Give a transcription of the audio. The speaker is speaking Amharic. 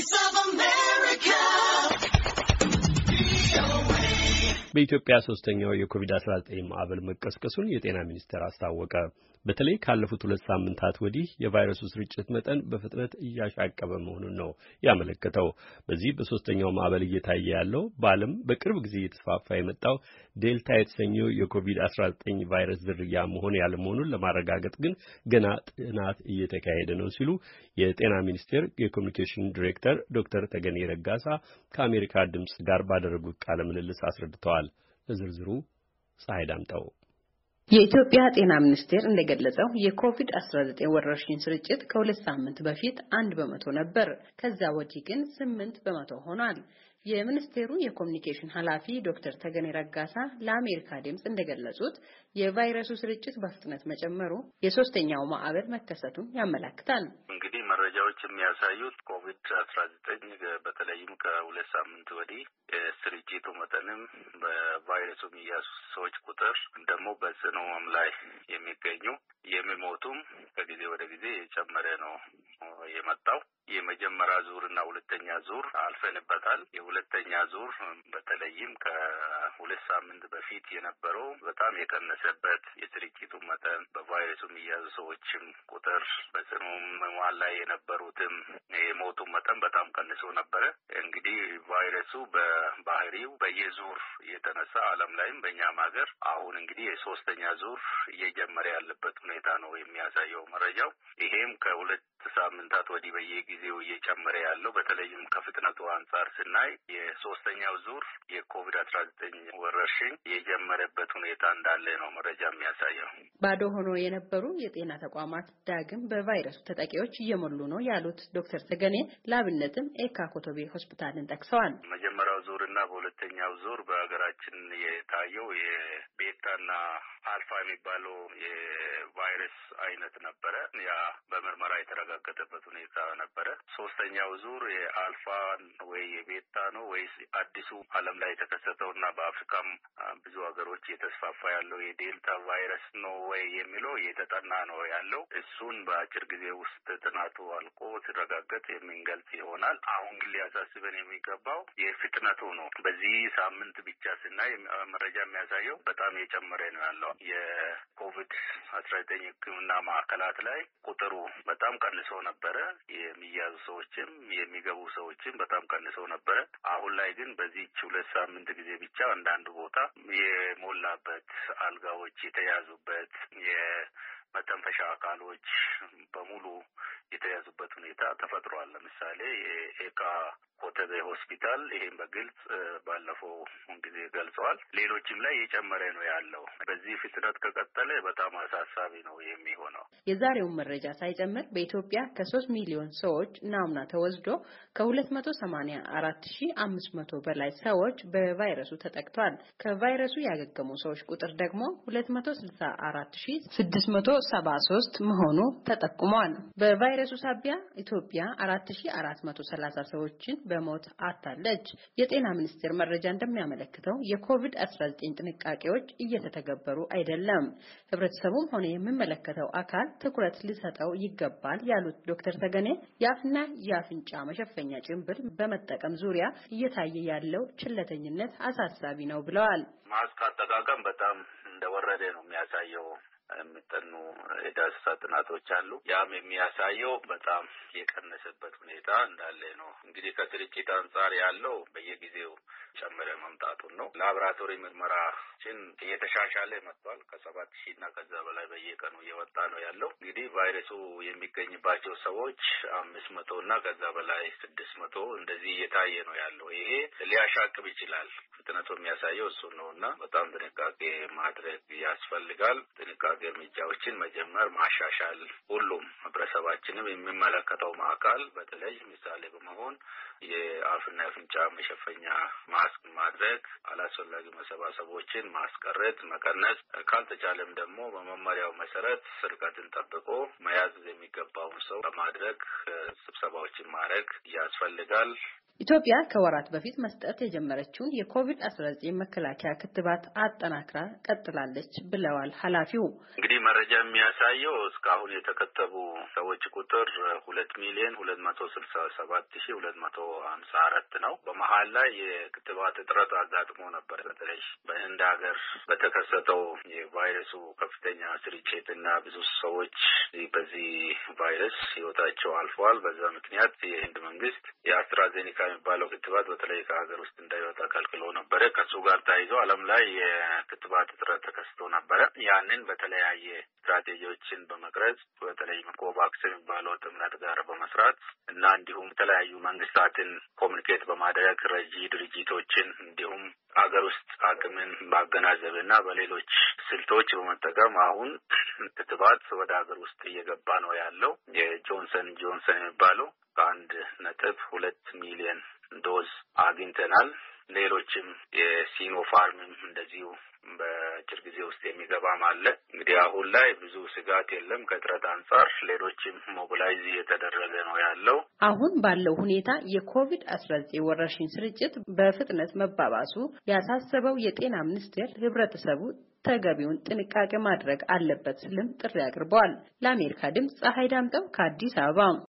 voice of በኢትዮጵያ ሶስተኛው የኮቪድ-19 ማዕበል መቀስቀሱን የጤና ሚኒስቴር አስታወቀ። በተለይ ካለፉት ሁለት ሳምንታት ወዲህ የቫይረሱ ስርጭት መጠን በፍጥነት እያሻቀበ መሆኑን ነው ያመለከተው። በዚህ በሶስተኛው ማዕበል እየታየ ያለው በዓለም በቅርብ ጊዜ እየተስፋፋ የመጣው ዴልታ የተሰኘው የኮቪድ-19 ቫይረስ ዝርያ መሆን ያለመሆኑን ለማረጋገጥ ግን ገና ጥናት እየተካሄደ ነው ሲሉ የጤና ሚኒስቴር የኮሚኒኬሽን ዲሬክተር ዶክተር ተገኔ ረጋሳ ከአሜሪካ ድምፅ ጋር ባደረጉት ቃለ ምልልስ አስረድተዋል። ብለዋል። ለዝርዝሩ ፀሐይ ዳምጠው የኢትዮጵያ ጤና ሚኒስቴር እንደገለጸው የኮቪድ-19 ወረርሽኝ ስርጭት ከሁለት ሳምንት በፊት አንድ በመቶ ነበር። ከዛ ወዲህ ግን ስምንት በመቶ ሆኗል። የሚኒስቴሩ የኮሚኒኬሽን ኃላፊ ዶክተር ተገኔ ረጋሳ ለአሜሪካ ድምፅ እንደገለጹት የቫይረሱ ስርጭት በፍጥነት መጨመሩ የሶስተኛው ማዕበል መከሰቱን ያመላክታል። እንግዲህ መረጃዎች የሚያሳዩት ኮቪድ አስራ ዘጠኝ በተለይም ከሁለት ሳምንት ወዲህ ስርጭቱ መጠንም በቫይረሱ የሚያዙ ሰዎች ቁጥር ደግሞ በጽኑ በህመሙም ላይ የሚገኙ የሚሞቱም ከጊዜ ወደ ጊዜ የጨመረ ነው የመጣው። የመጀመሪያ ዙር እና ሁለተኛ ዙር አልፈንበታል። የሁለተኛ ዙር በተለይም ከ ከሁለት ሳምንት በፊት የነበረው በጣም የቀነሰበት የስርጭቱ መጠን በቫይረሱ የሚያዙ ሰዎችም ቁጥር በጽኑ ሕሙማን ላይ የነበሩትም የሞቱ መጠን በጣም ቀንሶ ነበረ። እንግዲህ ቫይረሱ በባህሪው በየዙር የተነሳ ዓለም ላይም በእኛም ሀገር አሁን እንግዲህ የሶስተኛ ዙር እየጀመረ ያለበት ሁኔታ ነው የሚያሳየው መረጃው። ይሄም ከሁለት ሳምንታት ወዲህ በየጊዜው እየጨመረ ያለው በተለይም ከፍጥነቱ አንጻር ስናይ የሶስተኛው ዙር የኮቪድ አስራ ዘጠኝ ወረርሽኝ የጀመረበት ሁኔታ እንዳለ ነው መረጃ የሚያሳየው። ባዶ ሆኖ የነበሩ የጤና ተቋማት ዳግም በቫይረሱ ተጠቂዎች እየሞሉ ነው ያሉት ዶክተር ተገኔ ለአብነትም ኤካ ኮቶቤ ሆስፒታልን ጠቅሰዋል። ዙርና በሁለተኛው ዙር በሀገራችን የታየው የቤታና አልፋ የሚባለው የቫይረስ አይነት ነበረ። ያ በምርመራ የተረጋገጠበት ሁኔታ ነበረ። ሶስተኛው ዙር የአልፋን ወይ የቤታ ነው ወይስ አዲሱ ዓለም ላይ የተከሰተው እና በአፍሪካም ብዙ ሀገሮች እየተስፋፋ ያለው የዴልታ ቫይረስ ነው ወይ የሚለው እየተጠና ነው ያለው። እሱን በአጭር ጊዜ ውስጥ ጥናቱ አልቆ ሲረጋገጥ የምንገልጽ ይሆናል። አሁን ግን ሊያሳስበን የሚገባው የፍጥነ ቀናቱ ነው። በዚህ ሳምንት ብቻ ስናይ መረጃ የሚያሳየው በጣም የጨመረ ነው ያለው የኮቪድ አስራ ዘጠኝ ሕክምና ማዕከላት ላይ ቁጥሩ በጣም ቀንሶ ነበረ። የሚያዙ ሰዎችም የሚገቡ ሰዎችም በጣም ቀንሶ ነበረ። አሁን ላይ ግን በዚህች ሁለት ሳምንት ጊዜ ብቻ አንዳንድ ቦታ የሞላበት አልጋዎች የተያዙበት መተንፈሻ አካሎች በሙሉ የተያዙበት ሁኔታ ተፈጥሯል። ለምሳሌ የኤካ ኮተቤ ሆስፒታል ይሄን በግልጽ ባለፈው ጊዜ ገልጸዋል። ሌሎችም ላይ እየጨመረ ነው ያለው። በዚህ ፍጥነት ከቀጠለ በጣም አሳሳቢ ነው የሚሆነው። የዛሬውን መረጃ ሳይጨምር በኢትዮጵያ ከሶስት ሚሊዮን ሰዎች ናሙና ተወስዶ ከሁለት መቶ ሰማኒያ አራት ሺ አምስት መቶ በላይ ሰዎች በቫይረሱ ተጠቅቷል። ከቫይረሱ ያገገሙ ሰዎች ቁጥር ደግሞ ሁለት መቶ ስልሳ አራት ሺ ስድስት መቶ 173 መሆኑ ተጠቁሟል። በቫይረሱ ሳቢያ ኢትዮጵያ 4430 ሰዎችን በሞት አታለች። የጤና ሚኒስቴር መረጃ እንደሚያመለክተው የኮቪድ-19 ጥንቃቄዎች እየተተገበሩ አይደለም። ህብረተሰቡም ሆነ የሚመለከተው አካል ትኩረት ሊሰጠው ይገባል ያሉት ዶክተር ተገኔ የአፍና የአፍንጫ መሸፈኛ ጭንብል በመጠቀም ዙሪያ እየታየ ያለው ችለተኝነት አሳሳቢ ነው ብለዋል። ማስክ አጠቃቀም በጣም እንደወረደ ነው ጥናቶች አሉ። ያም የሚያሳየው በጣም የቀነሰበት ሁኔታ እንዳለ ነው። እንግዲህ ከስርጭት አንጻር ያለው በየጊዜው ጨምረ መምጣቱን ነው። ላብራቶሪ ምርመራችን እየተሻሻለ መጥቷል። ከሰባት ሺህ እና ከዛ በላይ በየቀኑ እየወጣ ነው ያለው። እንግዲህ ቫይረሱ የሚገኝባቸው ሰዎች አምስት መቶ እና ከዛ በላይ ስድስት መቶ እንደዚህ እየታየ ነው ያለው። ይሄ ሊያሻቅብ ይችላል። ፍጥነቱ የሚያሳየው እሱ ነው እና በጣም ጥንቃቄ ማድረግ ያስፈልጋል። ጥንቃቄ እርምጃዎችን መጀመር ማሻሻል፣ ሁሉም ህብረተሰባችንም የሚመለከተውም አካል በተለይ ምሳሌ በመሆን የአፍና የአፍንጫ መሸፈኛ ማስክ ማድረግ፣ አላስፈላጊ መሰባሰቦችን ማስቀረት መቀነስ፣ ካልተቻለም ደግሞ በመመሪያው መሰረት ርቀትን ጠብቆ መያዝ የሚገባውን ሰው በማድረግ ስብሰባዎችን ማድረግ ያስፈልጋል። ኢትዮጵያ ከወራት በፊት መስጠት የጀመረችውን የኮቪድ-19 መከላከያ ክትባት አጠናክራ ቀጥላለች ብለዋል ኃላፊው። እንግዲህ መረጃ የሚያሳየው እስካሁን የተከተቡ ሰዎች ቁጥር ሁለት ሚሊዮን ሁለት መቶ ስልሳ ሰባት ሺ ሁለት መቶ ሀምሳ አረት ነው። በመሀል ላይ የክትባት እጥረት አጋጥሞ ነበር። በተለይ በህንድ ሀገር በተከሰተው የቫይረሱ ከፍተኛ ስርጭት እና ብዙ ሰዎች በዚህ ቫይረስ ህይወታቸው አልፈዋል። በዛ ምክንያት የህንድ መንግስት የአስትራዜኒካ የሚባለው ክትባት በተለይ ከሀገር ውስጥ እንዳይወጣ ከልክሎ ነበረ። ከሱ ጋር ተያይዞ ዓለም ላይ የክትባት እጥረት ተከስቶ ነበረ። ያንን በተለያየ ስትራቴጂዎችን በመቅረጽ በተለይ ኮቫክስ የሚባለው ጥምረት ጋር በመስራት እና እንዲሁም የተለያዩ መንግስታት አካላትን ኮሚኒኬት በማድረግ ረጂ ድርጅቶችን እንዲሁም ሀገር ውስጥ አቅምን ማገናዘብ እና በሌሎች ስልቶች በመጠቀም አሁን ክትባት ወደ ሀገር ውስጥ እየገባ ነው ያለው። የጆንሰን ጆንሰን የሚባለው ከአንድ ነጥብ ሁለት ሚሊዮን ዶዝ አግኝተናል። ሌሎችም የሲኖፋርምም እንደዚሁ በአጭር ጊዜ ውስጥ የሚገባም አለ። እንግዲህ አሁን ላይ ብዙ ስጋት የለም። ከጥረት አንጻር ሌሎችም ሞቢላይዝ እየተደረገ ነው ያለው። አሁን ባለው ሁኔታ የኮቪድ አስራ ዘጠኝ ወረርሽኝ ስርጭት በፍጥነት መባባሱ ያሳሰበው የጤና ሚኒስቴር ህብረተሰቡ ተገቢውን ጥንቃቄ ማድረግ አለበት ስልም ጥሪ አቅርበዋል። ለአሜሪካ ድምፅ ፀሐይ ዳምጠው ከአዲስ አበባ